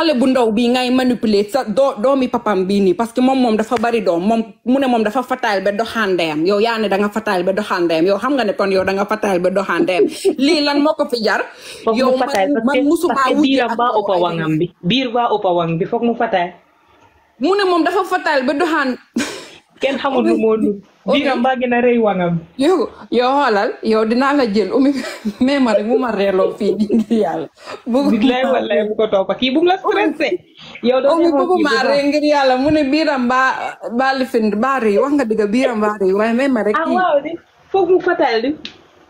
xale bu ndaw bi ngay manipuler sa doo doomi papam bii parce que moom moom dafa bari doom mu ne moom dafa fataal ba doxaandeyam yow yow xam nga ne kon yow da lii lan moo fi jar yow man musumaa wuti ak baa wangam bi biir baa ëppa wang bi foog mu fataal mu ne moom dafa fataal ba doxaan kenn xamul lu moo dul. biiram gën a rëy wangam. yow yow xoolal yow dinaa la jël umi mais ma rek mu ma reeloo fii di ngi ko topp kii bu la stressé. yow doo umi bu ma ree ngir yàlla mu ne biiram baa baa lifin baa rëy wax nga digga biiram baa rëy waaye mais ma rek. ah waaw de foog mu fatal di.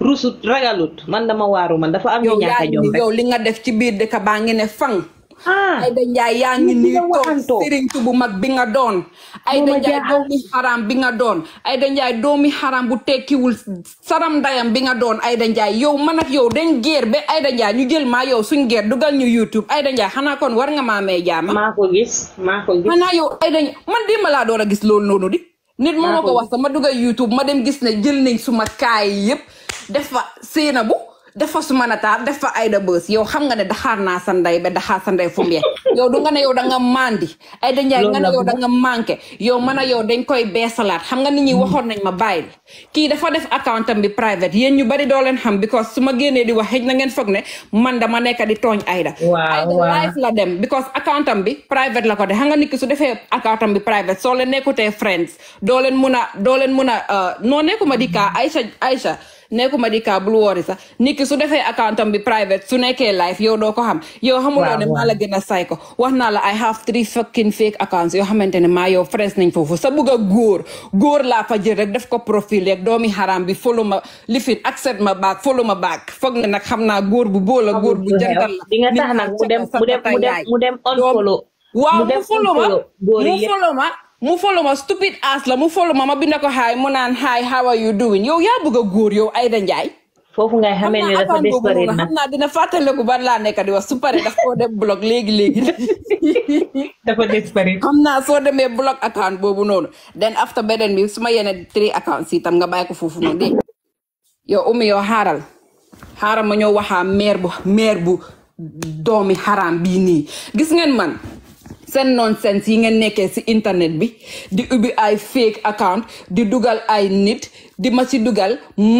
rusut ragalut man dama waaru man dafa am. ñu ñàkk a jom rek yow li nga def ci biir dëkk baa ngi ne fang. Aida ah, Ndiaye yaa ngi nii toog sëriñtu bu mag bi nga doon Aida Ndiaye doomi xaram bi nga doon Aida Ndiaye doomi xaram bu tekkiwul saram ndayam bi nga doon Aida Ndiaye yow man ak yow dañ géer ba Aida Ndiaye ñu jël maa yow suñ géer dugal ñu YouTube da Ndiaye xanaa kon war nga maa may jaama maa ko xanaa yow Aida Ndiaye man démb laa door a gis loolu noonu di nit moo ma ko wax sama dugal YouTube ma dem gis ne jël nañ suma kaay yépp def fa séena bu dafa su mën a taar def fa Aïda Mbeuss yow xam nga ne daxaar naa sa ndey ba daxaar sa ndey fu mu yow du nga ne yow da nga mandi Aïda Ndiaye nga ne yow da nga manqué yow man a yow dañ koy beesalaat xam nga nit ñi hmm. waxoon nañ ma bàyyi la kii dafa def accountam bi private yéen ñu bari doo leen xam because su ma génnee di wax xëj na ngeen foog ne man dama nekk di tooñ Aïda Aïda live la dem because accountam bi private la ko de xam nga ni ki su defee accountam bi private soo leen nekkutee friends doo leen mun a doo leen mun a euh, noo nekkuma di kaa Aïcha Aïcha nekkuma di kaa bul woori sax nit ki su defee accountam bi private su nekkee live yow doo ko xam yow xamuloo ne maa la gën a say ko wax naa la I have three fucking fake accounts yoo xamante ne maa yow friends nañ foofu sa bugg a góor góor laa fa jël rek def ko profil rek doomi xaraam bi follow ma lifin accept ma back follow ma back foog ne nag xam naa góor bu bóola góor bu jantal la di nga tax nag mu dem mu dem mu dem unfollow waaw mu follow ma mu follow ma mu follow ma stupid ass la mu follow ma ma bind ko hi mu naan hi how are you doing yow yaa bëgg a góor yow Aida Njie. foofu ngay xamee ne dafa desperate na xam naa dina fàttaliku ban laa nekk di wax su pare daf koo de block léegi léegi. dafa a xam naa soo demee block account boobu noonu then after beneen bi su ma yeneen three accounts itam nga bàyyi ko foofu noonu dégg yow Oumy yow xaaral xaaral ma ñëw waxaa meer bu meer bu doomi xaraam bii nii gis ngeen man. seen nonsense yi ngeen nekkee si internet bi di ubbi ay fake account di dugal ay nit di ma si dugal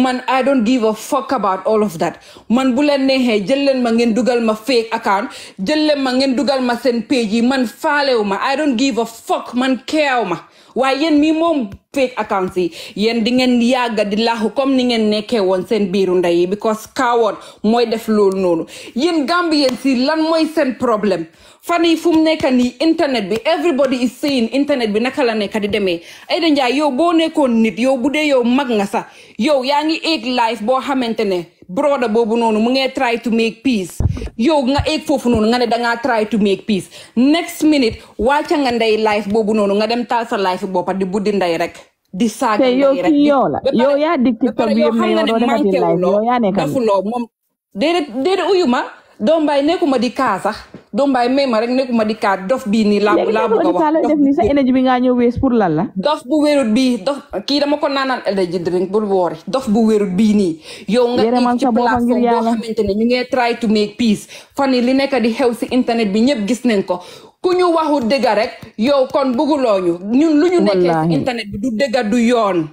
man I don't give a fuck about all of that man bu leen neexee jël leen ma ngeen dugal ma fake account jël leen ma ngeen dugal ma seen page yi man faalewu ma I don't give a fuck man keew ma waaye yéen mii moom fake accounts yi yéen di ngeen yàgga di laaxu comme ni ngeen nekkee woon seen biiru ndey yi because coward mooy def loolu noonu yéen Gambien si lan mooy seen problème fan yi fu mu nekk nii internet bi everybody is saying internet bi naka la nekk di demee Aida Njie yow boo nekkoon nit yow bu dee yow mag nga sax yow yaa ngi eeg life boo xamante ne broda boobu noonu mu ngee try to make peace yow nga eeg foofu noonu nga ne dangaa try to make peace next minute wàcca nga nday life boobu noonu nga dem taal sa life boppa di bu di nday rek di saaga ndey rek yow yaa dig TikTok bi yow xam nga ne manqué wu loo defuloo moom déedéet déedéet uyu ma doom bay di kaa sax Dombaay may ma rek nekkuma di kaat dof bii nii laa laa bëgg a wax def ni sa énergie bi ngaa ñëw wees pour lan la dof bu wérut bii dof kii dama ko naanaan énergie drink bul woori dof bu wérut bii nii yow nga ci place boo xamante ne ñu ngee try to make peace fan yi li nekk di xew si internet bi ñëpp gis nañ ko ku ñu waxu dëgga rek yow kon bëgguloo ñu ñun lu ñu nekkee si internet bi du dëgga du yoon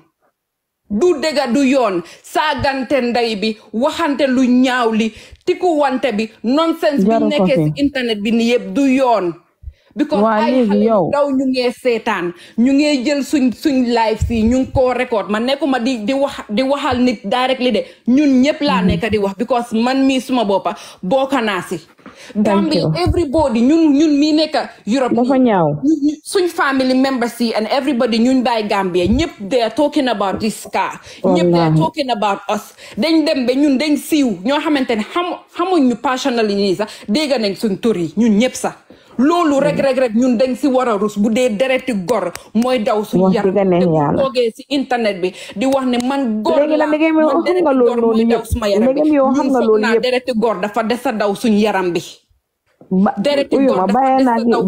du dëgga du yoon saagante ndey bi waxante lu ñaaw li tikuwante bi nonsense bi nekkee ci internet bi ni yëpp du yoon because ay xale yu ndaw ñu ngee seetaan ñu ngee jël suñ suñ live si ñu ngi koo record man nekkuma di di wax waxal nit direct li de ñun ñëpp laa mm-hmm. nekk di wax because man mii suma boppa bokka naa si Gambie everybody ñun ñun mii nekk Europe dafa ñaaw suñ family members yi and everybody ñun baay Gambie ñëpp they are talking about this car ñëpp they talking about us dañ dem ba ñun dañ siiw ñoo xamante ne xamu xamuñ ñu passionally nii sax dégg nañ suñ tur yi ñun ñëpp sax lolu rek rek rek ñun dañ si wara rus bu dee dereti gor moy daw su yar toogee si internet bi di wax né man gor la wax nga lolu ñu daw suma yaram bi ñun foog naa dereti gor dafa desa daw suñu yaram bi dereti gor dafa desa daw suñu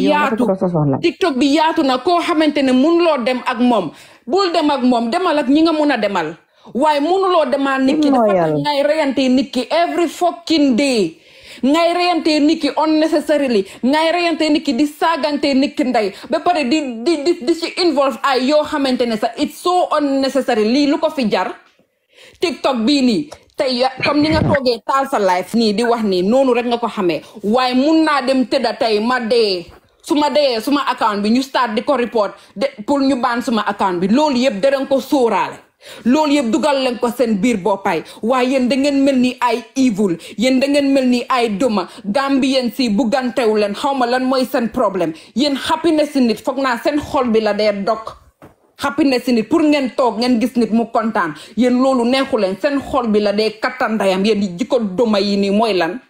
yaram bi ko tiktok bi yaatu na ko xamantene ne lo dem ak mom bul dem ak mom demal ak ñinga mëna demal waye demal lo demal nit ki dafa ngay reyante nit ki every fucking day ngay reyantee nit ki li ngay reyantee nit ki di saagantee nit ki ndey ba pare di di di di involve ay yoo xamante ne sax it's so unnecessary lii lu ko fi jar TikTok bii nii tey comme ni nga toogee taal sa life nii di wax nii noonu rek nga ko xamee waaye mun naa dem tëdda tey ma dee su ma dee suma account bi ñu start di ko report de pour ñu baan suma account bi loolu yëpp dara nga ko sóoraale loolu yëpp dugal leen ko seen biir boppaay waaye yen da ngeen mel ni ay evil yéen da ngeen mel ni ay duma gambien si bu gantewu leen xaw ma lan mooy seen problème yéen happiness si nit foog naa seen xol bi la dee dog happiness si nit pour ngeen toog ngeen gis nit mu kontaan yéen loolu neexu leen seen xol bi la dee kattandayam yéen jikko duma yi nii mooy lan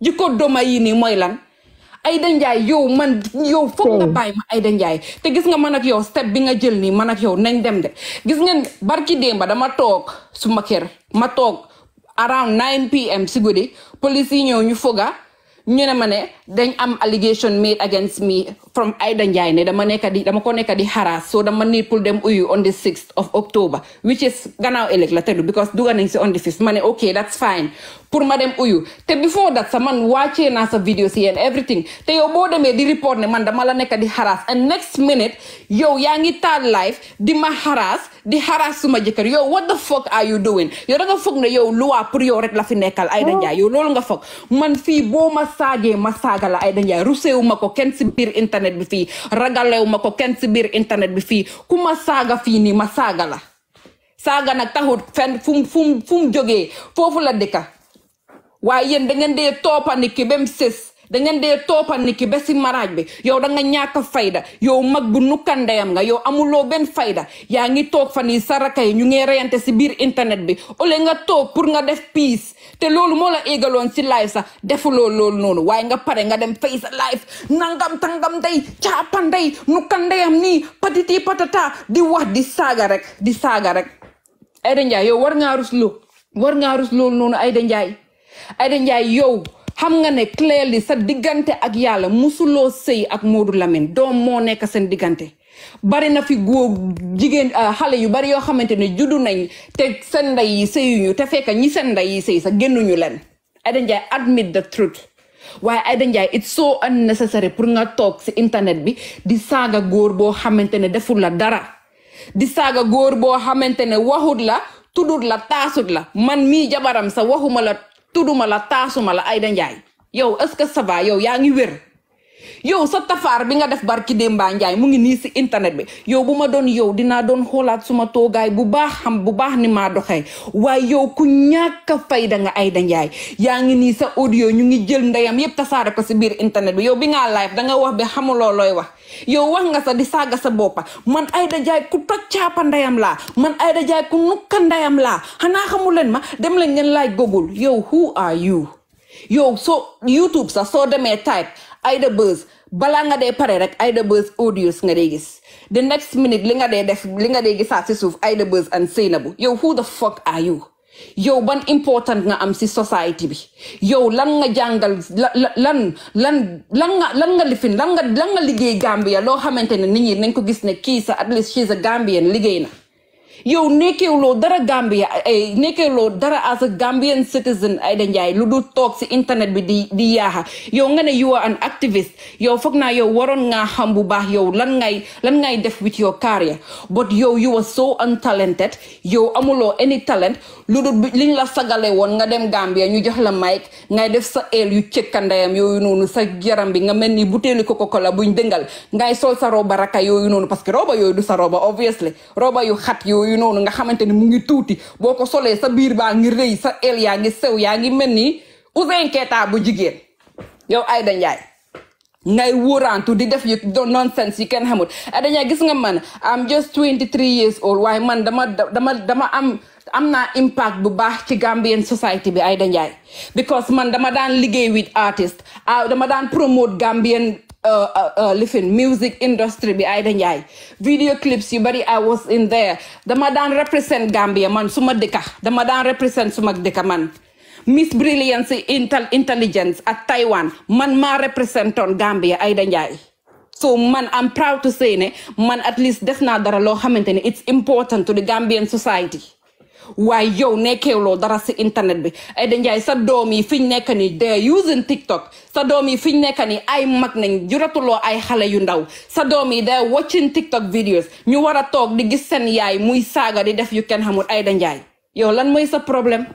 jikko duma yi nii mooy lan Aïda Ndiaye yow man yow foog nga hmm. bàyyi ma Aïda Ndiaye te gis nga man ak yow step bi nga jël nii man ak yow nañ dem de gis ngeen barki démba dama toog su ma kër ma toog around 9 pm si guddi police yi ñëw ñu foga ñu ne ma ne dañ am allegation made against me from Aïda Ndiaye ne dama nekk di dama ko nekk di harass so dama need pour dem uyu on the 6th of October which is gannaaw ëllëg la teddu because duga nañ si on the 6th ma ne ok that's fine pour madame dem uyu te before that sa man wàccee na sa video si and everything te yow bo demee di report né man dama la nek di harass and next minute yow yaa ngi taal live di ma harass di harass suma jëkkeur yow what the fuck are you doing yow da nga foog ne yow loi pour yow rek la fi nekkal Aida jaay yow loolu nga foog man fi bo ma sagé ma saga la Aida dañ jaay rousséw mako kenn ci bir internet bi fi ragalew mako kenn ci bir internet bi fi ku ma saaga fii nii ma saga la saga nak taxout fenn fum fum fum joggé fofu la dëkka waaye da ngeen dee topaniki bem sis, da ngeen dee topaniki besi maraj bi yow da nga ñaaka fayda yow mag bu nukkandeyam nga yow amuloo ben fayda ya ngi tok fani yi ñu ngi reyante ci bir internet bi ole nga tok pour nga def peace te loolu moo la eegaloon si live sax defuloo nonu nga paré nga dem face life, live nangam tangam day caapan day nukkandeyam ni patiti patata di wax di saga rek di saga rek de Ndiaye yow war nga rus loo war ngaa rus nonu ay de Aïda Ndiaye yow xam nga ne clearly sa diggante ak yàlla musuloo sey ak Modou Lamine doom moo nekk seen diggante bari na fi góor jigéen euh, xale yu bari yoo xamante ne juddu nañ te seen ndey yi sëyuñu te ñi seen ndey yi sëy sa génnuñu leen Aïda Ndiaye admit the truth waaye Aïda it soo so unnecessary pour nga toog si internet bi di saaga góor boo xamante ne deful la dara di saaga góor boo xamante ne waxut la tuddut la taasut la man mii jabaram sa waxumala tudduma la taasuma la Aïda Ndiaye yow est-ce que ça va yow yaa ngi wér yow sa tafaar bi nga def barki Demba Njaay mu ngi nii si internet bi yow bu ma doon yow dinaa doon xoolaat suma toogaay bu baax xam bu baax ni maa doxee waaye yow ku ñàkk a fayda nga Ayda Njaay yaa ngi nii sa audio ñu ngi jël ndeyam yépp tasaare ko si biir internet bi yow bi ngaa live danga wax bi xamuloo looy wax yow wax nga sa di saaga sa boppa man Ayda Njaay ku toj caapa ndeyam laa man Ayda Njaay ku nukka ndeyam laa xanaa xamu leen ma dem leen ngeen laaj Google yow who are you yow soo YouTube sax soo demee type Aïda Buzz balaa nga dee pare rek Aïda Buzz audios nga dee gis the next minute li nga dee def li nga dee gisaat si suuf Aïda Buzz and Seynabou yow who the fuck are you yow ban important nga am si society bi yow lan nga jàngal lan lan lan nga lan nga lifin lan nga lan nga liggéey Gambia loo xamante ne nit ñi nañ ko gis ne kii sa at least she's a Gambian liggéey na yow nekkeewuloo dara Gambia ay eh, nekkeewuloo dara as a Gambian citizen Aida Ndiaye lu dul toog si internet bi di di yaaxa yow nga ne you are an activist yow foog naa yow waroon ngaa xam bu baax yow lan ngay lan ngay def with your career but yow you are so untalented yow amuloo any talent lu dul liñ la sagale woon nga dem Gambia ñu jox la mic ngay def sa eel yu cëkkandayam yooyu noonu sa yaram bi nga mel ni butéeli ko cola la buñ dengal ngay sol sa roba raka yooyu noonu parce que roba yooyu du sa roba obviously yu xat yooyu yoyu noonu nga xamanteni ni mu ngi tuuti boko solé sa bir ba ngi rëy sa el ya ngi sew ya ngi melni ni Ouzin Keita bu jigéen yow Aïda Ndiaye ngay wóoraantu di def yu nonsense yi hamut. ay da nyaay gis nga man i'm just 23 years old Why man dama dama dama am I'm not impact bu baax ci Gambian society bi da nyaay because man dama dan liggéey with artist ah, dama dan promote Gambian Uh, uh, uh, Living music industry bi Aïda Ndiaye video clips yu bari I was in there dama daan represent Gambia man suma dëkka dama daan represent suma dëkka man Miss Brilliance intel intelligence at Taiwan man represent on Gambia Aïda Ndiaye so man I'm proud to say ne man at least def not dara loo xamante ne it's important to the Gambian society waaye yow nekkeewloo dara si internet bi Aïda Ndiaye sa doom yi fi ñu nekk nii de using TikTok sa doom yi fi ñu nekk nii ay mag nañ juratuloo ay xale yu ndaw sa doom yi de watching TikTok videos ñu war a toog di gis seen yaay muy saaga di def yu kenn xamul Aïda Ndiaye yow lan mooy sa problème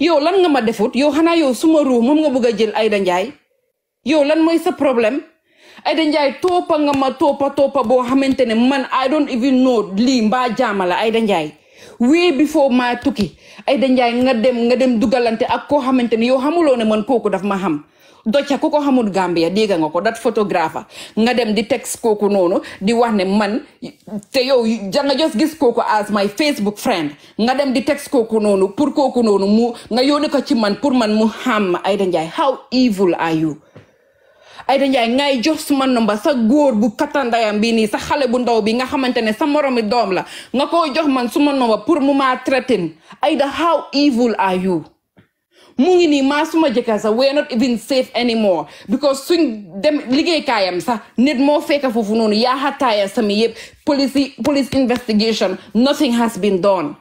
yow lan nga ma defut yow xanaa yow suma ruux moom nga bëgg a jël Aïda Ndiaye yow lan mooy sa problème Aïda Ndiaye toppa nga ma toppa toppa boo xamante ne man I don't even know lii mbaa jaamala Aïda Ndiaye way before maa tukki Aida Njaay nga dem nga dem dugalante ak koo xamante ni yow xamuloo ne man kooku daf ma xam docca ku ko xamul Gambia dégg nga ko dat photographe nga dem di texte kooku noonu di wax ne man te yow ja nga jos gis kooku as my Facebook friend nga dem di texte kooku noonu pour kooku noonu mu nga yónni ko ci man pour man mu ay Aida Njaay how evil are you Aïda Ndiaye ngay jox suma number sa góor bu kattandayam bi nii sa xale bu ndaw bi nga xamante ne sa moromi doom la nga koo jox man suma number pour mu maa threaten Aïda how evil are you mu ngi nii maa suma jëkkër sax we are not even safe anymore because suñ dem liggéeykaayam sax nit moo fekk foofu noonu yaa xataaya sami yëpp police police investigation nothing has been done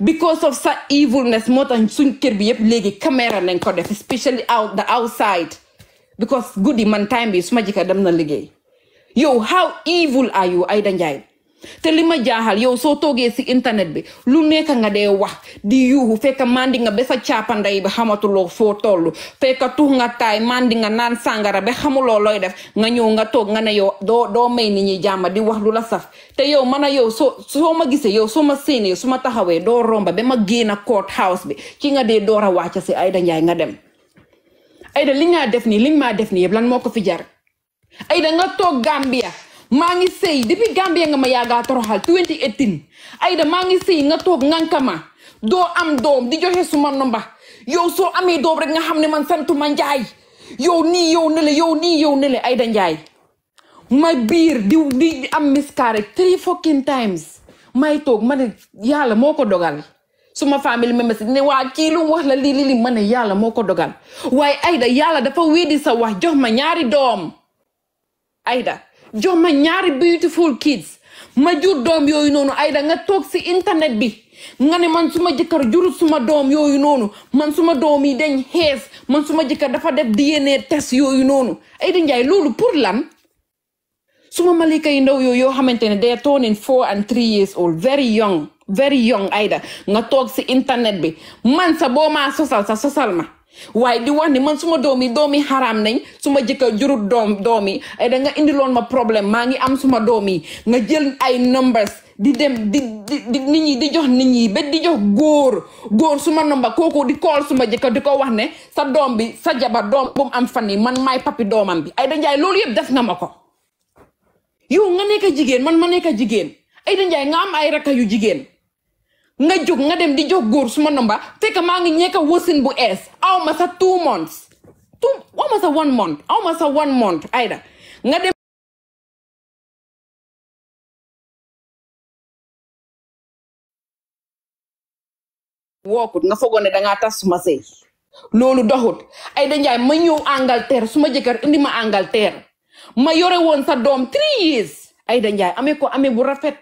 because of sa evilness moo tax suñ kër bi yëpp léegi caméra nañ ko def especially out the outside because guddi man time bi suma jëkkër dem na liggéey yow how evil are you Aida Njie te li ma jaaxal yow soo toogee si internet bi lu nekk nga dee wax di yuuxu fekk mandi nga ba sa caapanday bi xamatuloo foo toll fekk tux nga taay mandi nga naan sàngara ba xamuloo looy def nga ñëw nga toog nga ne yow doo doo may ni ñi jàmm di wax lu la saf te yow man a yow soo soo ma gisee yow soo ma séenee su ma taxawee doo romba ba ma génn court house bi ki nga dee door a wàcc si Aida Njie nga dem Aïda li nga def nii li nga maa def nii yëpp lan moo ko fi jar Aïda nga toog Gambia maa ngi sey depuis Gambia nga ma yaagaa toroxal 2018 ayda maa ngi sëy nga toog ngankama doo am doom di joxe suma nomba yow soo amee doom rek nga xam ne man santu santuma njaay yow nii yow ne la yow nii yow ne la Aïda Njaay ma biir di di am miscarriage three fucking times may toog ma ne yàlla moo ko dogal suma famille members ne waa kii wax la lii lii li ma ne yàlla moo ko dogal waaye ayda yàlla dafa weddi sa wax jox ma ñaari doom ayda jox ma ñaari beautiful kids ma jur doom yooyu noonu ayda nga toog si internet bi nga ne man suma jëkkër jur suma doom yooyu noonu man suma doom yi dañ xees man suma jëkkër dafa def DNA test yooyu noonu Aida Njie loolu pour lan suma malika yi ndaw yooyu yoo xamante ne day turning four and three years old very young very young ayda nga toog si internet bi man sa boo maa sosal sa sosal ma waaye di wax ni man suma doom yi doom yi xaraam nañ suma jëkkër jurut doom doom yi ayda nga indiloon ma problème maa ngi am suma doom yi nga jël ay numbers di dem di di ñi di jox nit ñi ba di jox góor góor suma nomba kooku di kool suma jëkkër di ko wax ne sa doom bi sa jabar doom bu mu am fan yi man may papi doomam bi ay da njaay loolu yëpp def nga ma ko yu nga nekk jigen man ma jigen ay Aida Njaay nga am ay rakka yu jigen nga jog nga dem di jogur, gor suma nomba ka ma ngi ñeka wosin bu es aw ma sa two months two aw ma sa one month aw ma sa one month Aida nga dem wokut nga fogoon da nga tass suma sey lolu doxut Aida Njaay ma ñew angalter suma jëkër indi ma angalter ma yore woon sa doom three years Aïda Ndiaye amee ko amee bu rafet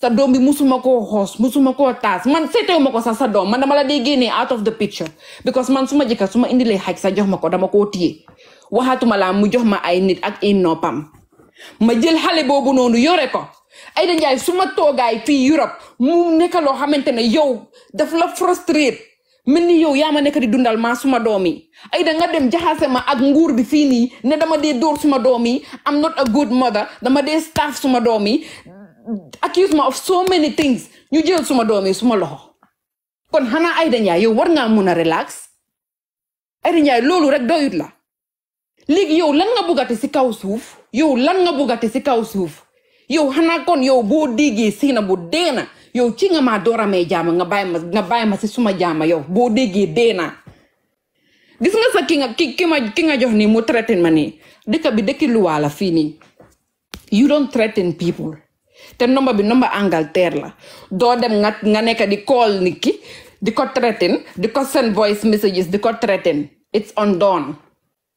sa doom bi musuma koo xoos musuma koo taas man seetewu ma ko sax sa doom man dama la dee génnee out of the picture because man suma jëkkër suma indilee xaj sa jox ma ko dama koo téye waxaatuma laa mu jox ma ay nit ak i pam ma jël xale boobu noonu yore ko Aïda Ndiaye suma toogaay fii Europe mu nekk loo xamante ne yow daf la frustrate mel ni yow yaa ma nekk di dundal maa suma doom yi ay nga dem jaxase ma ak nguur bi fii nii ne dama dee dóor suma doom yi am not a good mother dama dee staff suma doom yi accuse ma of so many things ñu jël suma doom yi suma loxo kon xanaa Aida Njaay yow war ngaa mun a relax Aida Njaay loolu rek doyut la léegi yow lan nga buggate si kaw suuf yow lan nga buggate si kaw suuf yow xanaa kon yow boo déggee siina bu deena Yo, ci nga maa door a may jaama nga bay ma nga bay ma si suma jama yo. Bodi déggee dee gis nga sa ki nga ki ki ma ki nga jox ni mu threaten ma nii bi dëkki loi la fini you don't threaten people te nomba bi nomba Angleterre la do dem nga nga nek di call niki, ki di ko threaten di ko send voice messages di ko threaten it's undone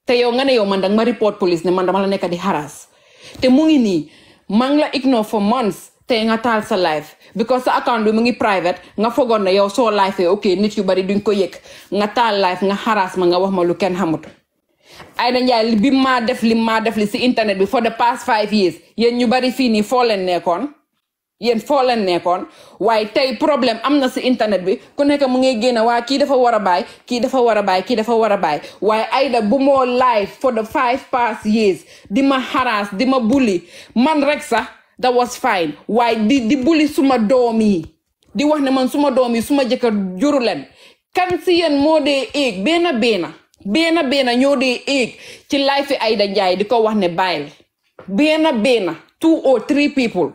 te yo nga ne yo man dang ma report police ne man dama la nek di harass te mu ngi ni mang la ignore for months tey nga taal sa live because sa account bi mu ngi private nga fogoon na yow soo live ok nit yu bari duñ ko yëg nga taal live nga xaraas ma nga wax ma lu kenn xamut Aida Ndiaye bi maa def li maa def li si internet bi for the past five years yéen ñu bari fii nii foo leen nekkoon yéen foo leen nekkoon waaye tey problème am na si internet bi ku nekk mu ngi génn waa kii dafa war a bàyyi kii dafa war a bàyyi kii dafa war a bàyyi waaye ay da bu moo live for the five past di ma xaraas di ma bulli man rek sax that was fine Why di di buli suma domi di wax ne man suma domi suma jëkkër juru leen kan si yéen modé ek bena bena bena bena ñoo dé ek ci life Aida Njaay di ko wax ne bayil bena bena two or three people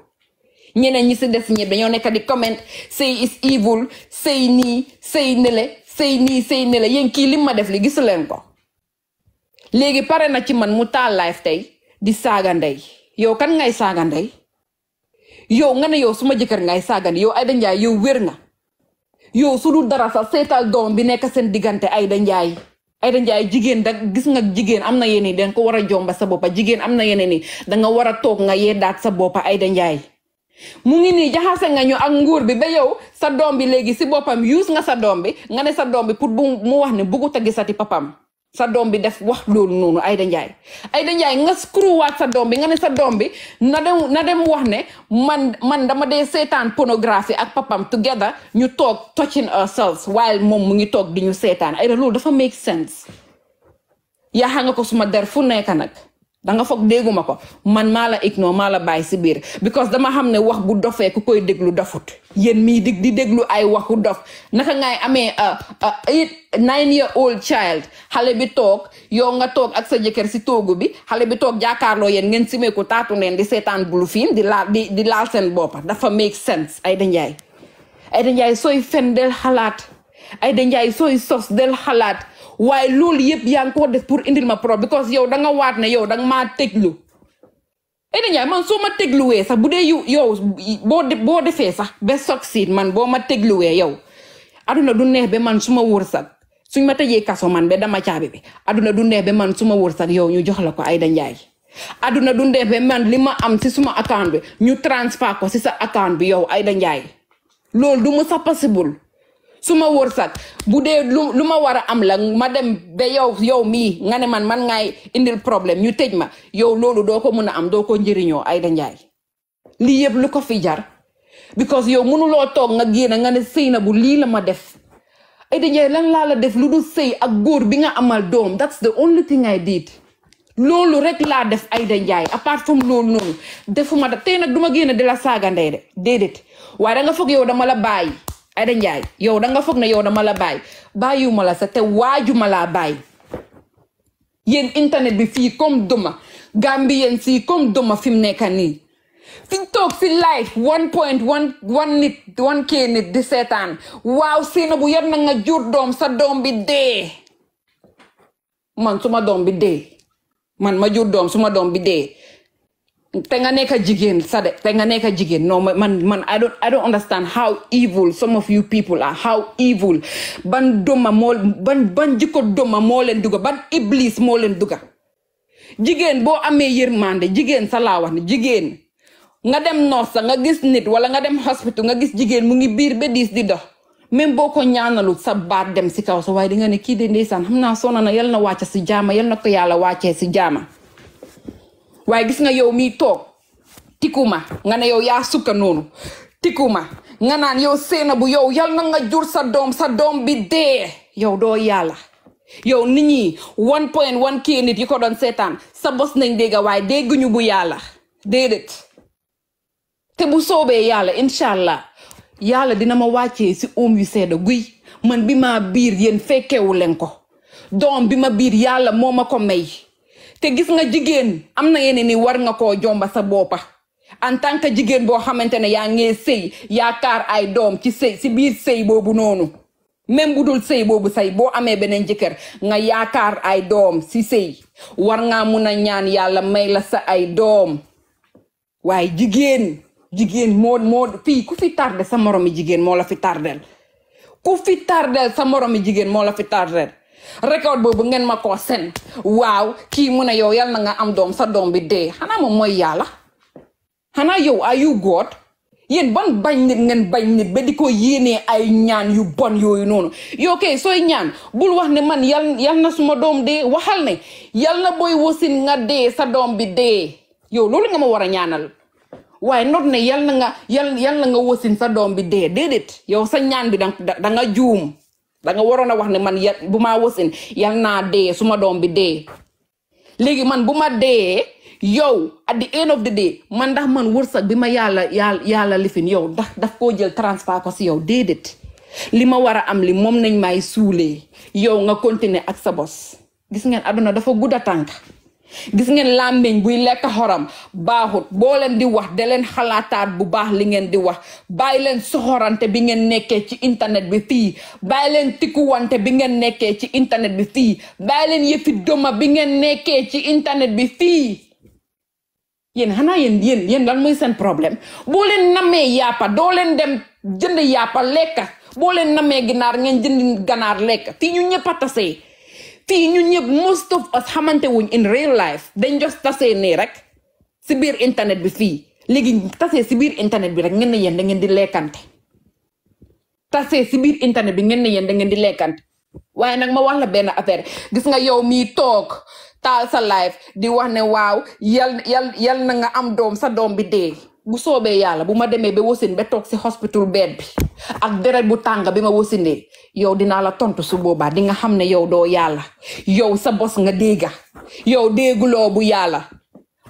ñeneen ñi si des ñëpp dañoo nekk di comment say is evil say ni say nele say ni say nele yéen ki lim ma def li gisu leen ko pare na ci man mu life day, di saaga ndey yow kan ngay saaga day? Yo ngana yo suma jëkkër ngay sagan yo ay Ndiaye yo wér yo sudu dara sax seetal doom bi nekk seen diggante Aida Ndiaye Aida Ndiaye jigen da gis nga jigen amna na den ko wara jomba sa bopa jigen amna yene ni da nga wara tok toog nga yeddaat sa boppa Aida Ndiaye mu ngi ni jaxase nga ñu ak nguur bi ba yow sa doom bi legi si bopam yuus nga sa doom bi nga ne sa doom bi pour bu mu wax ne bugu papam sa doom bi def wax loolu noonu Aïda Ndiaye Aïda Ndiaye nga screwwaat sa doom bi nga ne sa doom bi na dem na dem wax ne man man dama dee seetaan pornographie ak papam together ñu toog touching ourselves while moom mu ngi toog di ñu seetaan Aïda loolu dafa make sense yaa nga ko suma der fu nekka nag danga foog dégguma ko man maa la ignore maa la bàyyi si biir because dama xam ne wax bu dofee ku koy déglu dofut yéen mii dig di déglu ay waxu dof naka ngay amee uh, uh, eight nine year old child xale bi toog yow nga toog ak sa jëkkër si toogu bi xale bi toog jàkkaarloo yéen ngeen simeeku taatu neen di seetaan bulu film di laal di di laal seen boppa dafa make sense ay Ndiaye Aïda Ndiaye sooy fen del xalaat Aïda Ndiaye sooy sos del xalaat waaye loolu yëpp yaa ngi ko def pour indil ma problème yow da nga waat ne yow da nga maa teglu Aida Ndiaye man soo ma tëgluwee sax bu dee yu yow boo boo defee sax ba soxsiit man boo ma tëgluwee yow aduna du neex ba man su ma wërsëg suñ ma tëjee kaso man dama caabi bi aduna du neex ba man su ma wërsëg yow ñu jox la ko Aida Ndiaye aduna du neex ba man li ma am si suma account bi ñu transfert ko si sa account bi yow Aida Ndiaye loolu du mu sa possible su suma wërsëg bu dee lu lu ma war a am la ma dem ba yow yow mii nga ne man man ngaay indil problème ñu tëj ma yow loolu doo ko mën a am doo ko njëriñoo Aida Njaay lii yëpp lu ko fi jar because yow mënuloo toog nga génn nga ne sey na bu lii la ma def Aida Njaay laa la def lu dul sëy ak góor bi nga amal doom that's the only thing I did loolu rek laa def Aida Njaay apart from loolu noonu defuma da tey nag duma génn di la saaga ndey de déedéet waaye da nga foog yow dama la bàyyi Aïda Ndiaye yow da nga foog yow dama la bàyyi bàyyiwuma la sa te waajuma laa bàyyi yéen internet bi fii kom duma Gambien sii comme duma fi mu nekk nii fi toog si live one point one nit one k nit di seetaan waaw siina bu yor na nga jur doom sa doom bi dee man suma doom bi dee man ma jur doom suma doom bi dee te nga nekk jigéen sa nga nekk jigéen non man man I don't I don't understand how evil some of you people are how evil ban doma moo ban ban jikko doma moo leen duga ban iblis moo leen duga jigéen boo amee mande jigéen sa laa ne jigéen nga dem noos sa nga gis nit wala nga dem hospital nga gis jigéen mu ngi biir ba diis di dox même boo ko ñaanalu sa baat dem si kaw sa waaye di nga ne kii de ndeysaan xam naa sona na yal na wàcce si jaama yal na ko yàlla wàccee si jaama waaye gis nga yow mi toog tikuma nga ne yow yaa sukka noonu tikuma nga naan yow seena bu yow yal na nga jur sa doom sa doom bi dee yow doo yàlla yow ni ñi one point nit yi ko doon seetaan sa bos nañ dégga waaye dégguñu bu yàlla déedéet te bu soobee yàlla incha allah yàlla dina ma wàccee si oom yu sedda guy man bi ma biir yéen fekkewu leen ko doom bi ma biir yàlla moo ma ko may te gis nga jigéen am na yeneen ni war nga koo jomba sa boppa en tant que jigéen boo xamante ne yaa ngee sëy yaakaar ay doom ci sëy si biir sëy boobu noonu même bu dul boobu say boo amee beneen jëkkër nga yaakaar ay doom si sëy war ngaa mun a ñaan yàlla may la sa ay doom waaye jigéen jigéen moo moo fii ku fi tardel sa moromi jigéen moo la fi tardel ku fi tardel sa moromi jigéen moo la fi tardel record boobu ngeen ma koo sen waaw kii mu ne yow yal na nga am doom sa doom bi dee xanaa moom mooy yàlla xanaa yow ayu you God yéen ban bañ nit ngeen bañ nit ba di ko yéenee ay ñaan yu bon yooyu noonu yow kay sooy ñaan bul wax ne man yal yal na suma doom dee waxal ne yal na booy wasin nga dee sa doom bi dee yow loolu nga ma war a ñaanal waaye not ne yal na nga yal yal na nga wasin sa doom bi dee déedéet yow sa ñaan bi da nga juum danga waroon a wax ne man ya bu maa wasin yal naa dee suma doom bi dee léegi man bu ma dee yow at the end of the day man ndax man wërsëg bi ma yàlla yàlla yàlla lifin yow ndax daf koo jël transfert ko si yow déedéet li ma war a am li moom nañ may suulee yow nga continuer ak sa bos gis ngeen aduna dafa gudd a tànk gis ngeen làmmiñ buy lekk xorom baaxut boo leen di wax de leen xalaataat bu baax li ngeen di wax bàyyi leen soxorante bi ngeen nekkee ci internet bi fii bàyyi leen tikkuwante bi ngeen nekkee ci internet bi tii bàyyi leen yëfi doma bi ngeen nekkee ci internet bi fii yéen xanaa yéen yéen yéen lan mooy seen problème boo leen namee yàppa doo leen dem jënd yàppa lekka boo leen namee ginaar ngeen jënd ganaar lekka fii ñu ñëpp a fii ñun ñëpp most of us xamante wuñ in real life dañ jos tasee nii rek si biir internet bi fii léegi tasee si biir internet bi rek ngeen ne yéen da ngeen di lekkante tasee si biir internet bi ngeen ne yéen da ngeen di lekkante waaye nag ma wax la benn affaire gis nga yow mii toog taal sa live di wax ne waaw yal yal yal na nga am doom sa doom bi dee bu soobee yàlla bu ma demee ba wasin ba toog si hospital bed bi ak deret bu tàng bi ma wasinee yow dinaa la tontu su boobaa di nga xam ne yow doo yàlla yow sa bos nga dégga yow déeguloo bu yàlla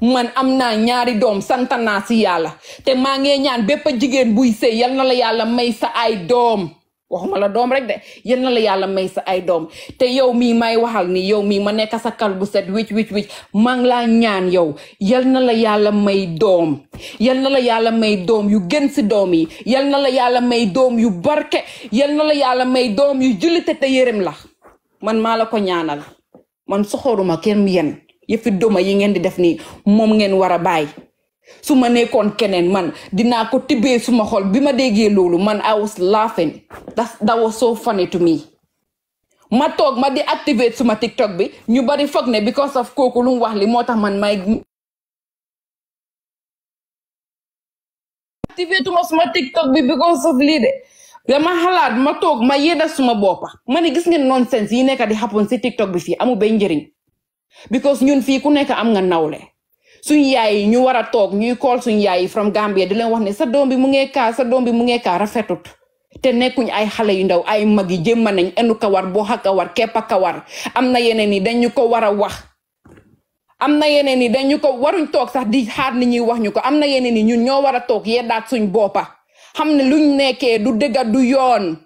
man am naa ñaari doom santa naa si yàlla te maa ngi ñaan bépp jigéen buy sëy yal na la yàlla may sa ay doom waxuma la doom rek de yal na la yàlla may sa ay doom te yow mii may waxal ni yow mii ma nekk sa kal bu set wicc wicc wicc maa ngi laa ñaan yow yal na la yàlla may doom yal na la yàlla may doom yu gën si doom yi yal na la yàlla may doom yu barke yal na la yàlla may doom yu jullite te yërëm la man maa la ko ñaanal man soxoruma kenn yenn yëfi duma yi ngeen di def nii moom ngeen war a bàyyi su ma nekkoon keneen man dinaa ko tibbee suma xol bi ma déggee loolu man I was laughing that was so funny to ma toog ma di activate suma TikTok bi ñu bari foog ne because of kooku lu wax li moo tax man may activate ma suma TikTok bi because of lii de dama xalaat ma toog ma yedda suma boppa ma ne gis ngeen nonsense yi nekk di happen si TikTok bi fii amu bay njëriñ because ñun fii ku nekk am nga nawle suñ yaay yi ñu war a toog ñuy kool suñ yaay yi from Gambia di leen wax ne sa doom bi mu ngee sa doom bi mu ngee kaa rafetut te nekkuñ ay xale yu ndaw ay mag yi jéem nañ enu kawar booxa kawar keppa kawar am na yeneen yi dañu ko war a wax am na yeneen yi dañu ko waruñ toog sax di xaar ni ñuy wax ñu ko am na yeneen yi ñun ñoo war a toog yeddaat suñ boppa xam ne luñ nekkee du dëgga du yoon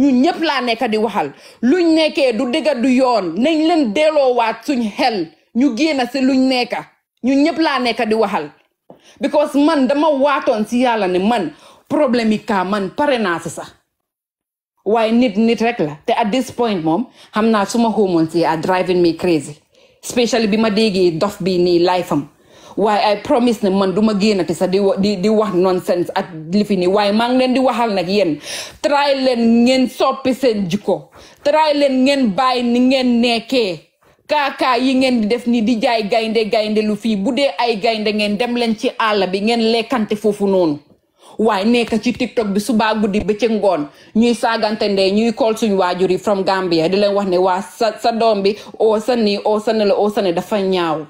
ñun ñëpp laa nekk di waxal luñ nekkee du dëgga du yoon nañ leen delloowaat suñ xel ñu génn si luñ nekka ñun ñëpp laa nekk di waxal because man dama waatoon si yàlla ne man problème yi ka man pare naa si sax waaye nit nit rek la te at this point moom xam naa suma hormones yi are driving me crazy especially bi ma déggee dof bi nii life am waaye I promise ne man du ma ti sax di di di wax nonsense ak li waaye man ngi leen di waxal nag yéen try leen ngeen soppi seen jikko try leen ngeen bàyyi ni ngeen nekkee kaakaa yi ngeen di def nii di jaay gaynde gaynde lu fii bu dee ay gaynde ngeen dem leen ci àll bi ngeen lekkante foofu noonu waaye nekk ci tiktok bi subaa guddi bëccëg ngoon ñuy saagante ndey ñuy kool suñ waajur yi from Gambia di leen wax ni waa sa doom bi oo sa nii oo la oo dafa ñaaw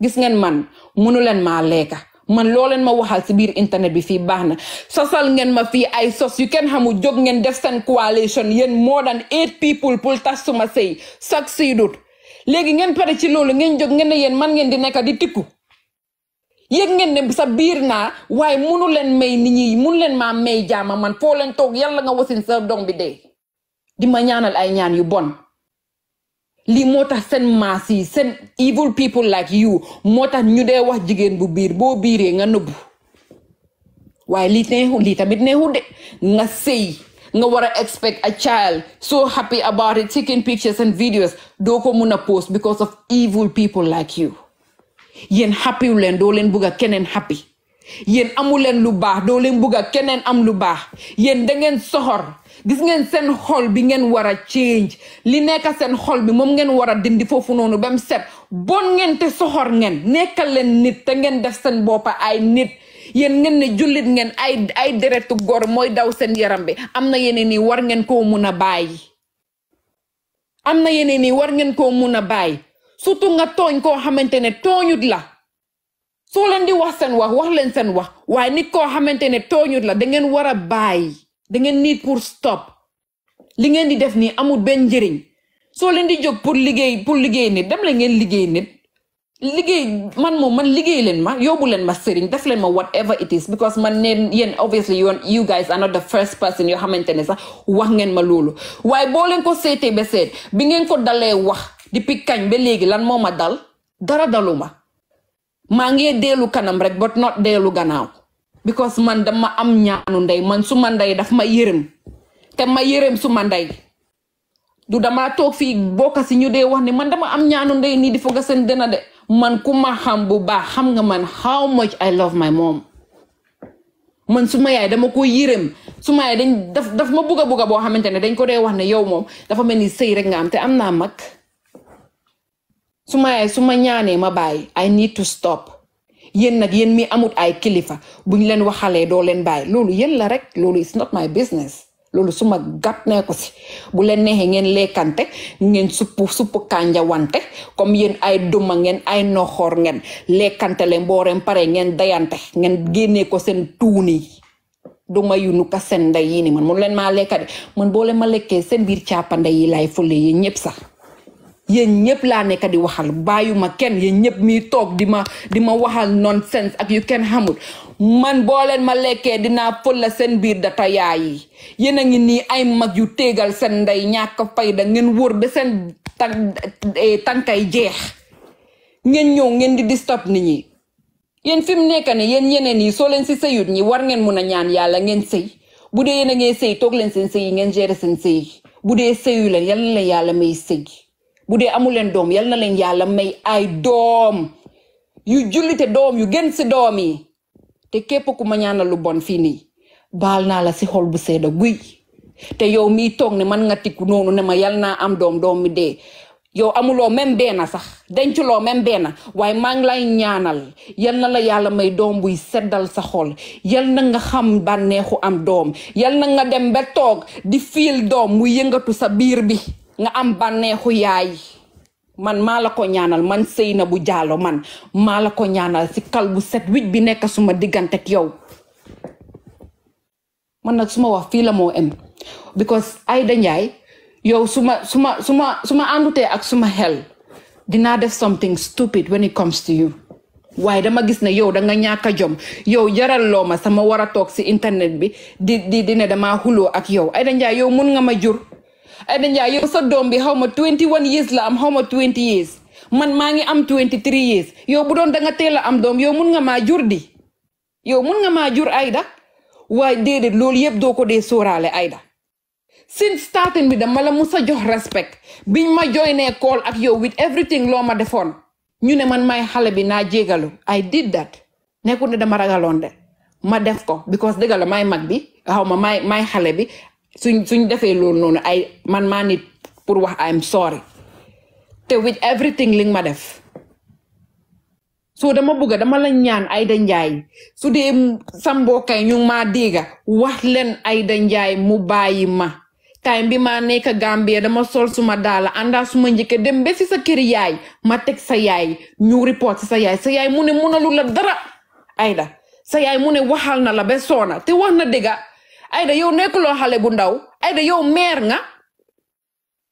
gis ngeen man munu leen maa lekka man loo leen ma waxal si biir internet bi fii baax na sosal ngeen ma fii ay sos yu kenn xamul jóg ngeen def seen coalition yéen more than eight people pour tas suma sëy succeedut léegi ngeen pare ci loolu ngeen jog ngeen ne yéen man ngeen di nekk di tikku yëg ngeen ne sa biir naa waaye munu leen may nit ñi munu leen maa may jaama man foo leen toog yàlla nga wasin sa doom bi dee di ma ñaanal ay ñaan yu bon li mota send masi Send evil people like you mota ñu de wax jigen bu biir boo biiree nga nëbbu waaye lii neexu lii tamit neexu de nga sëy nga expect a child so happy about it taking pictures and videos Do ko muna post because of evil people like you Yen happy wu leen doo leen happy yéen amu leen lu baax doo leen bugg a keneen am lu baax yéen da ngeen soxor gis ngeen seen xol bi ngeen war a change li nekk seen xol bi moom ngeen war a dindi foofu noonu ba set bon ngeen te soxor ngeen nekkal leen nit te ngeen def seen boppa ay nit yéen ngeen ne jullit ngeen ay ay deretu góor mooy daw seen yaram bi am na yeneen nii war ngeen koo mun a bàyyi am na yeneen nii war ngeen koo mun a bàyyi surtout nga tooñ koo xamante ne tooñut la so len di wax sen wax wax len sen wax way nit ko xamantene toñut la da ngeen wara bay da ngeen need pour stop li ngeen di def ni amul ben jeriñ so len di jog pour liggéey pour liggéey nit dem la ngeen liggéey nit liggéey man mo man liggéey len ma yobu len ma serign def len ma whatever it is because man name, yen obviously you, you guys are not the first person you xamantene sa wax ngeen ma lolu way bo len ko sété be seet bi ngeen ko dalé wax depuis kagne ba légui lan moma dal dara daluma maa ngi deelu kanam rek but not deelu gannaaw because man dama am ñaanu ndey man su ma ndey daf ma yërëm te ma yërëm su ma ndey du dama toog fii bokka si ñu dee wax ne man dama am ñaanu ndey nii di foog seen dëna de man ku ma xam bu baax xam nga man how much I love my mom man su ma yaay dama ko yërëm su ma yaay dañ daf daf ma bugg buga boo xamante ne dañ ko dee wax ne yow moom dafa mel ni sëy rek nga am te am naa mag su ma su ma ñaanee ma bàyyi I need to stop yéen nag yéen mi amut ay kilifa buñ leen waxalee doo leen bàyyi loolu yéen la rek loolu it's not my business loolu su ma gàtt nee ko si bu leen neexee ngeen lekkante ngeen suppu suppu kànja wante comme yéen ay duma ngeen ay noxoor ngeen lekkante leen booreem pare ngeen dayante ngeen génnee ko seen tuuni duma yu nu ka seen ndey yi ni man mënu leen maa lekka de man boo leen ma lekkee seen biir càppande yi lay fulle yi ñëpp sax Yen ñepp la nek di waxal bayuma ken yen ñepp mi tok di ma di ma waxal nonsense ak yu ken man bo len ma lekke dina fël la seen biir data yaayi yen ngi ni ay mag yu sen nday ndey fay da ngeen de sen tankay eh, jeex ngeen ngeen di stop nit ñi yen fim ne yen yeneen yi so len ci seyut ñi war ngeen mun ñaan yalla ngeen sey bu dee ngeen sey ngeen jere sen sey bu yalla may sey bu dee amu leen doom yal na leen yàlla may ay doom yu julite doom yu gën si doom yi te képp ku ma ñaanal bon fii nii baal naa la si xol bu seeda guy te yow mii toog ne man nga tikku noonu ne ma yal naa am doom doom mi dee yow amuloo men benn sax denculoo même benn waaye maa ngi lay ñaanal yal na la yàlla may doom buy seddal sa xool yal na nga xam bànneexu am doom yal na nga dem ba toog di fiil doom mu yëngatu sa biir bi nga am bànneexu yaay man maa la ko ñaanal man sëy na bu jaalo man maa la ko ñaanal si kal set wicc bi nekk suma diggante ak yow man nag suma wax fii la moo em because Aida Ndiaye yow suma suma suma suma àndutee ak suma xel dinaa def something stupid when it comes to you waaye dama gis ne yow danga ñàkk jom yow jaral loo ma sama war a toog si internet bi di di di ne xuloo ak yow Aida Ndiaye yow mun nga ma jur Aida Ndiaye yow sa doom bi xawma ma 21 years la am xaw ma 20 years man maa ngi am 23 years yow bu doon danga nga teel a am doom yow mun nga maa jur di yow mun nga maa jur Aida waaye déedéet loolu yëpp doo ko dee sóoraale Aida since starting bi dama la musa jox respect biñ ma joinee call ak yow with everything loo ma defoon ñu ne man may xale bi naa jégalu I did that nekkul ne dama ragaloon de ma def ko because dëgg la may mag bi xaw may may xale bi suñ suñ defee loolu noonu ay man maa nit pour wax I am sorry te with everything li ma def soo dama bëgg dama la ñaan Aida Njie su dee sa mbokkay ñu maa dégga wax len Aida Njie mu bàyyi ma time bi maa nekk Gambia dama sol suma daala àndaa suma njëkke dem ba si sa kër yaay ma teg sa yaay ñu report sa yaay sa yaay mu ne munalu la dara Aida sa yaay mu ne waxal na la ba soona te wax na dégga Aida yow nekkuloo xale bu ndaw Aida yow mer nga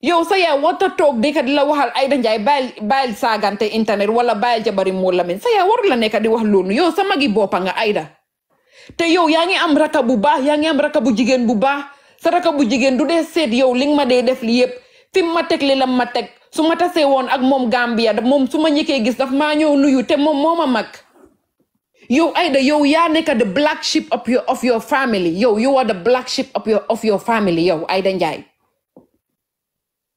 yow sa yaay wata toog di ka di la waxal Aida Njaay bayil bayil saagante internet wala bayil jabari mo lamin sa yaay waru la nekk di wax lolu yow sa magi bopa nga Aida te yow yangi ngi am raka bu baax yaa ngi am raka bu jigen bu baax sa raka bu jigen du de set yow ling ma de def li yëpp fim ma tek li lam ma tek suma ak mom Gambia mom suma ma gis daf ma ñew nuyu te mom moma mak yow Aida yow yaa nekk the black sheep of your of family yow you are the black sheep of your family yow Aida Njaay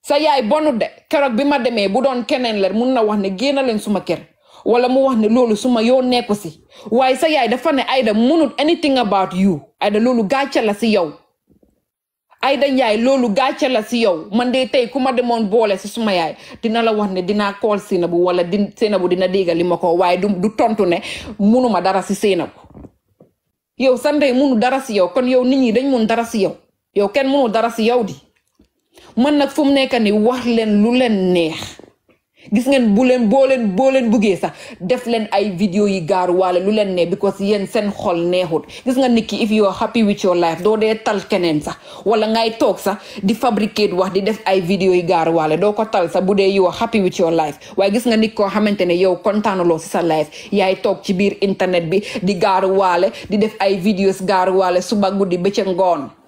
sa yaay bonu de keroog bi ma demee bu doon keneen la mun na wax ne génn leen suma ker wala mu wax ne loolu suma yoo nekku si waaye sa yaay dafa ne Aida munut anything about you Aida loolu gàcce la si yow Aida Ndiaye loolu gàcce la si yow man de tey ku ma demoon boole si suma yaay dina la wax ne dinaa kool bu wala di Sainabou dina dégg li ma ko waaye du du tontu ne munuma dara si Sainabou yow sa ndey munu dara si yow kon yow nit ñi dañ mun dara si yow yow kenn munu dara si yow di man nag fu mu nekk ni wax leen lu leen neex gis ngeen bu leen boo leen boo leen buggee sax def leen ay vidéo yi gaaruwaale lu leen ne because yéen seen xol neexut gis nga nit ki if you are happy with your life doo dee tal keneen sax wala ngay toog sax di fabricate wax di def ay vidéo yi gaaruwaale doo ko tal sax bu dee you are happy with your life waaye gis nga nit koo xamante ne yow kontaanuloo si sa life yaay toog ci biir internet bi di gaaruwaale di def ay videos gaaruwaale suba guddi bëccëg ngoon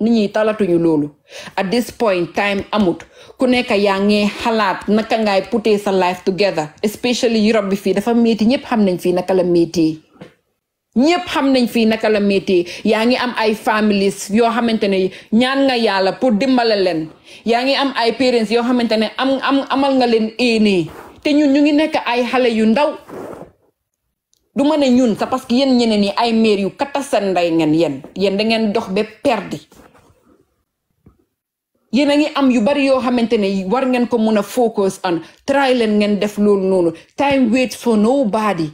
nit ñi talatuñu loolu at this time amut ku nekk yaa ngi xalaat naka ngaay putee sa life together especially Europe bi fii dafa métti ñëpp xam nañ fii naka la métti ñëpp xam nañ fii naka la métti yaa ngi am ay families yoo xamante ne ñaan nga yàlla pour dimbale leen yaa ngi am ay parents yoo xamante ne am am amal nga leen éenee te ñu ñu ngi nekk ay xale yu ndaw du ma ne ñun sa parce que yéen ñeneen yi ay maire yu katasan nday ngeen yéen yéen da ngeen dox ba perdi yéen a ngi am yu bari yoo xamante ne war ngeen ko mun a focus on try leen ngeen def loolu noonu time wait for nobody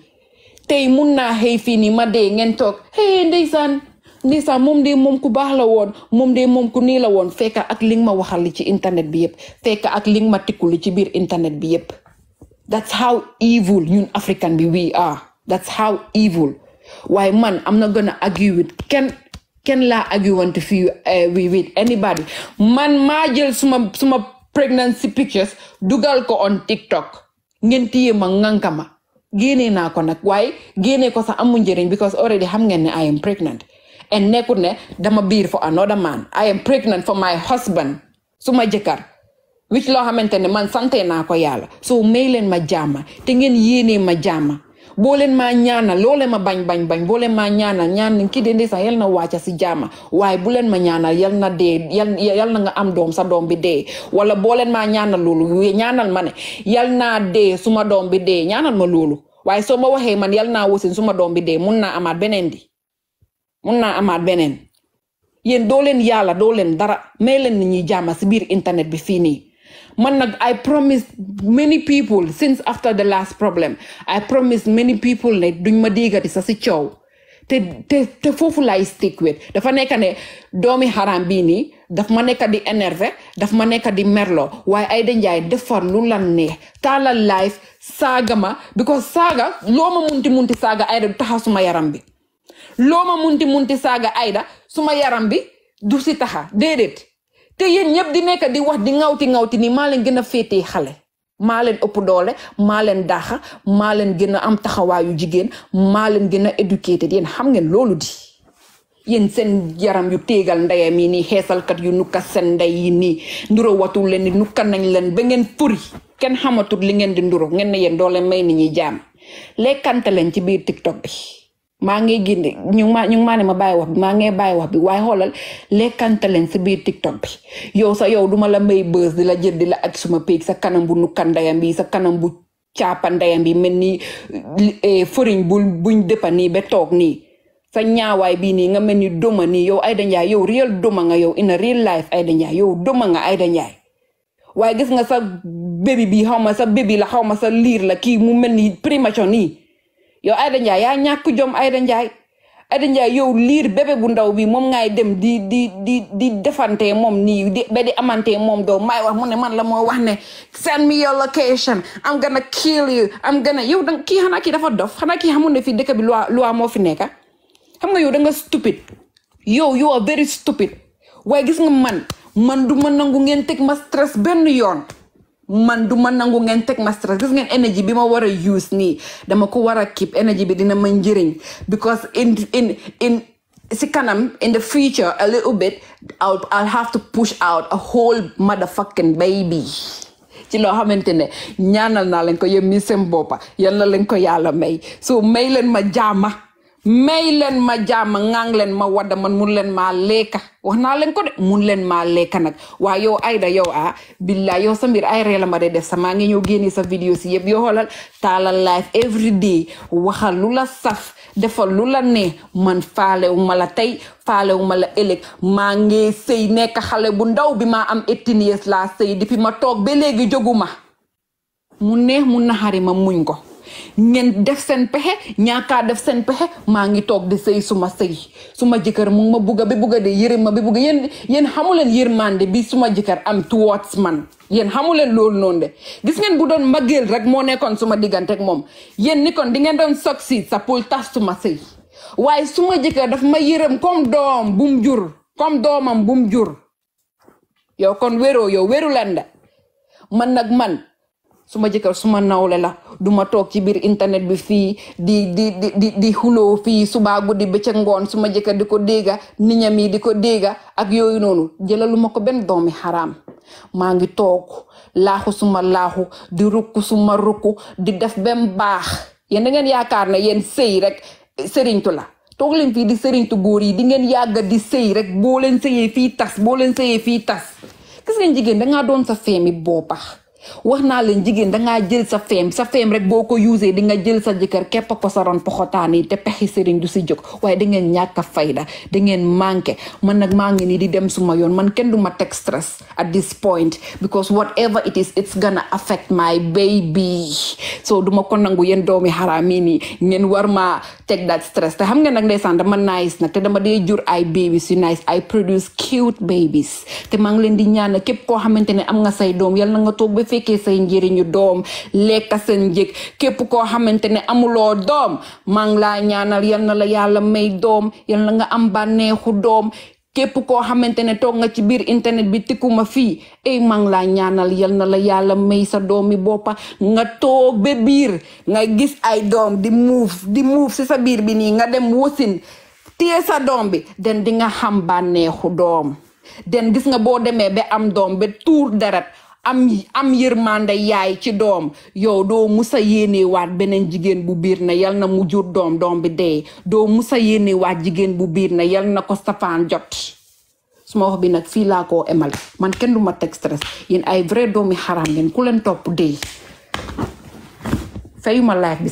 tey mun naa xëy fii nii ma dee ngeen toog hey ndeysaan ndeysaan moom de moom ku baax la woon moom de moom ku nii la woon fekk ak li ma waxal li ci internet bi yëpp fekk ak li ma tikku li ci biir internet bi yëpp that's how evil ñun african bi we are that's how evil waaye man am na gën a argue with kenn kenn laa arguing to fi eh, wi with anybody man ma jël suma suma pregnancy pictures dugal ko on TikTok ngeen tiye ma ngankama ma na ko nak way gene ko sa amu njëriñ because already xam ngeen ne I am pregnant and nekut ne dama bir for another man I am pregnant for my husband suma jekar. which lo xamantene man sante na ko yalla so may majama. ma jama te ngeen yene ma jama boo leen maa ñaanal loo ma bañ bañ bañ boo leen maa ñaanal ñaan kii de ndeysaan yal na wàcca si jaama waaye bu leen ma ñaanal yal na dee yal yal na nga am doom sa doom bi dee wala boo leen maa ñaanal loolu ñaanal ma ne yal naa dee suma doom bi dee ñaanal ma loolu waaye soo ma waxee man yal naa wasin suma doom bi dee mun naa amaat beneen di mun naa amaat beneen yéen doo leen yàlla doo leen dara may leen ni ñuy jaama si biir internet bi fii nii man nag I promise many people since after the last problem I promise many people ne duñ ma déggati sa si coow te te te foofu laay stick with dafa nekk ne doomi xaram bii nii daf ma nekk di énervé daf ma nekk di merlo waaye Aïda Ndiaye defar lu la ne Tala life saga ma because saga loma munti munti saga Aïda sumaya taxa Loma yaram bi loo ma munti munti saaga Aïda suma yaram bi du si taxa te yéen ñëpp di nekk di wax di ŋawti ŋawti ni maa leen gën a féetee xale maa leen ëpp doole maa leen daaxa maa leen gën a am taxawaayu jigéen maa leen gën a éduqué te xam ngeen loolu di yéen seen yaram yu téegal ndeyam yi nii xeesalkat yu nukka seen ndey yi nii nduro watul leen ni nukka nañ leen ba ngeen furi kenn xamatul li ngeen di nduro ngeen ne yéen doole may ni ñuy jaam lekkante leen ci biir tiktok bi maa ngi gindi ñu ma ma bàyyi wax bi maa ngi bàyyi wax bi waaye xoolal lekkante leen si biir tiktok bi yow sa yow duma la may bës di la jël di la ak suma péeg sa kanam bu nukkan ndeyam bi sa kanam bu caapa ndeyam bi mel ni eh, fëriñ bu buñ dëppa nii ba toog nii sa ñaawaay bii nii nga mel ni duma nii yow Aida Ndiaye yow real duma nga yow in a real life Aida Ndiaye yow duma nga Aida Ndiaye waaye gis nga sa bébi bi xaw ma sa bébi la xaw ma sa liir la kii mu mel ni primature nii yow Aïda Ndiaye yaa ñàkk jom Aïda Ndiaye Aïda Ndiaye yow liir bébé bu ndaw bi moom ngay dem di di di di defante moom nii di ba amante moom doo may wax mu ne man la moo wax ne send me your location I'm gonna kill you I'm yow da kii xanaa kii dafa dof xanaa kii xamul ne fii dëkk bi loi loi moo fi nekka xam nga yow da nga stupid yow you are very stupid waaye gis nga man man du ma nangu ngeen teg ma stress benn yoon man du man, nangu ngeen teg ma stress gis ngeen energy bi ma use ni. dama ko war keep energy bi dina ma njëriñ because in in in si kanam in the future a little bit I'll, I'll have to push out a whole motherfucking baby ci loo xamante ne ñaanal naa leen ko yéen mi seen boppa yal ko yàlla may so may leen ma jaama may leen ma jàmm ŋang leen ma wadda man mun leen maa lekka wax naa leen ko de mun leen ma lekka nag waa yow Aida yow ah billah yow sa mbir ay ree la ma de def sama ngi ñëw génne sa vidéo si yëpp yoo xoolal taalal live every day waxal lu la saf defa lu la ne man faalewu ma la tey faalewu ma la ëllëg maa ngi sëy nekk xale bu ndaw bi maa am eighteen years laa sëy depuis ma toog ba léegi joguma ma mu neex mu naxari ma muñ ko ñen def sen pexé ñaaka def sen pexé ma ngi tok di sey suma sey suma jëkër mu ma bugga bi bugga de yërëm ma bi bugga yéen yéen xamulen yërmande bi suma jëkër am towards man yen xamulen lool non de gis ngeen bu doon maggeel rek mo nekkoon suma digantek mom moom ni kon di ngeen doon soksi sa pul tas suma sey way suma jëkër daf ma yërem comme doom mu jur comme doomam mu jur yow kon wéro yow wéru leen man nak man suma ma jëkkër su nawle la du ma ci biir internet bi fii di di di di di xuloo fii suba guddi bëccëg ngoon jëkkër di ko dégga niñam yi di ko dégga ak yooyu noonu jëlalu ko benn doomi xaraam maa ngi toog laaxu suma laaxu di rukku suma rukku di def bem baax yéen da ngeen yaakaar ne yéen sëy rek sëriñtu la toog leen fii di sëriñtu góor yi di ngeen yàgga di sëy rek boo leen sëyee fii tas boo leen sëyee fii tas gis ngeen jigéen doon sa feemi wax len jigen da nga jël sa fem sa fem rek boko ko di nga jël sa jëkër képp ko sa ron poxotaan yi pexi sëriñ du ci jóg waye da ngeen ñaaka fayda da ngeen manké man nak ngi di dem suma yoon man kenn duma tek stress at this point because whatever it is it's gonna affect my baby so duma ko nangu yeen doomi harami ni ngeen war ma tek that stress té xam nga nak ndaysan dama nice nak te dama day jur ay baby si nice I produce cute babies te maa ngi leen di ñaan képp ko am nga say doom yal nga toog fekkee say njëriñu doom lekka seen njëg képp koo xamante ne amuloo doom maa laa ñaanal yal na la yàlla may doom yal na nga am bànneexu doom képp koo xamante ne toog nga ci biir internet bi tikkuma fii ay maa laa ñaanal yal na la yàlla may sa doomi boppa nga toog ba biir nga gis ay doom di muuf muuf si sa biir bi nii nga dem wasin téye sa doom bi den dinga xam bànneexu doom den gis nga boo demee am doom ba tuur deret am am yërmande yaay ci doom yow doo musa yéene waat beneen jigéen bu biir na yal na mu jur doom doom bi dee doo musa yéene waat jigéen bu biir na yal na ko safaan jot suma wax bi nag fii laa koo emal man kenn du ma teg stress yéen ay vrai doomi xaraam ngeen ku leen topp dee fayuma life bi